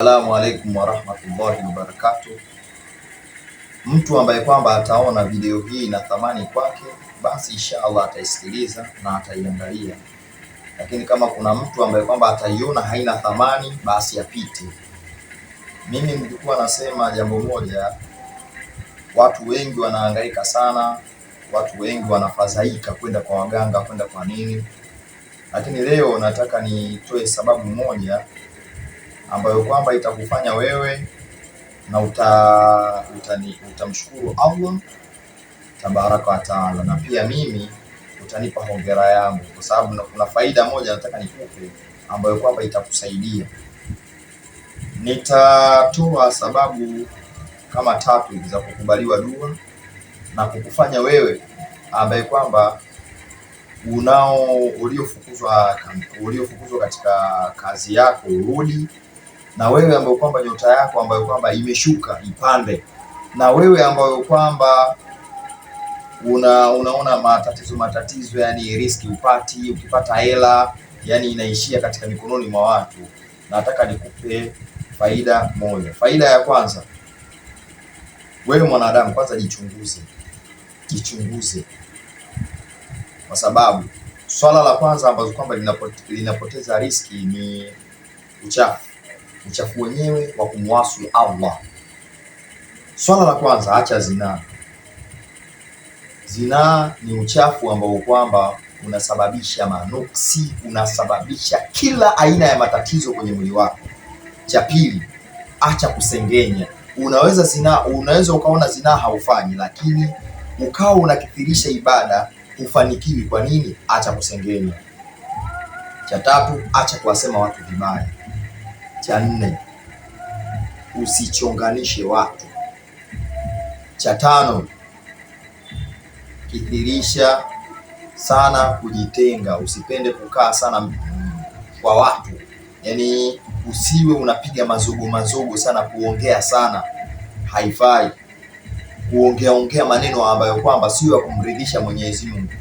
Assalamu alaikum warahmatullahi wabarakatu Mtu ambaye kwamba ataona video hii na thamani kwake, basi insha Allah ataisikiliza na ataiangalia, lakini kama kuna mtu ambaye kwamba ataiona haina thamani, basi apite. Mimi nilikuwa nasema jambo moja, watu wengi wanahangaika sana, watu wengi wanafadhaika kwenda kwa waganga, kwenda kwa nini, lakini leo nataka nitoe sababu moja ambayo kwamba itakufanya wewe na uta, utani, utamshukuru Allah tabaraka wa taala, na pia mimi utanipa hongera yangu, kwa sababu kuna faida moja nataka nikupe ambayo kwamba itakusaidia. Nitatoa sababu kama tatu za kukubaliwa dua na kukufanya wewe ambaye kwamba unao uliofukuzwa uliofukuzwa katika kazi yako urudi na wewe ambayo kwamba nyota yako ambayo kwamba imeshuka ipande, na wewe ambayo kwamba una unaona matatizo matatizo, yani riski upati, ukipata hela yani inaishia katika mikononi mwa watu. Nataka nikupe faida moja. Faida ya kwanza, wewe mwanadamu, kwanza jichunguze, jichunguze, kwa sababu swala la kwanza ambazo kwamba linapoteza riski ni uchafu uchafu wenyewe wa kumwasi Allah. Swala la kwanza, acha zinaa. Zinaa ni uchafu ambao kwamba unasababisha manuksi, unasababisha kila aina ya matatizo kwenye mwili wako. Cha pili, acha kusengenya. Unaweza zinaa, unaweza ukaona zinaa haufanyi, lakini ukawa unakithirisha ibada hufanikiwi. Kwa nini? Acha kusengenya. Cha tatu, acha kuwasema watu vibaya. Cha nne, usichonganishe watu. Cha tano, kithirisha sana kujitenga, usipende kukaa sana kwa watu, yaani usiwe unapiga mazogo mazogo sana, kuongea sana haifai, kuongea ongea maneno ambayo kwamba sio ya kumridhisha Mwenyezi Mungu.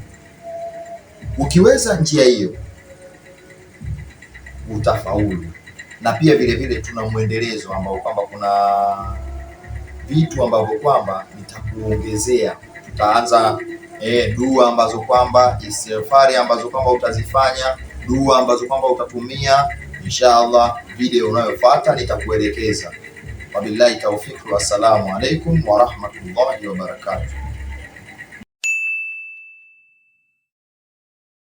Ukiweza njia hiyo utafaulu na pia vile vile tuna mwendelezo ambao kwamba kuna vitu ambavyo kwamba nitakuongezea. Tutaanza e, dua ambazo kwamba istighfari ambazo kwamba utazifanya, dua ambazo kwamba utatumia. Inshallah, video unayofuata nitakuelekeza. Wabillahi taufiki, wassalamu alaikum warahmatullahi wabarakatuh.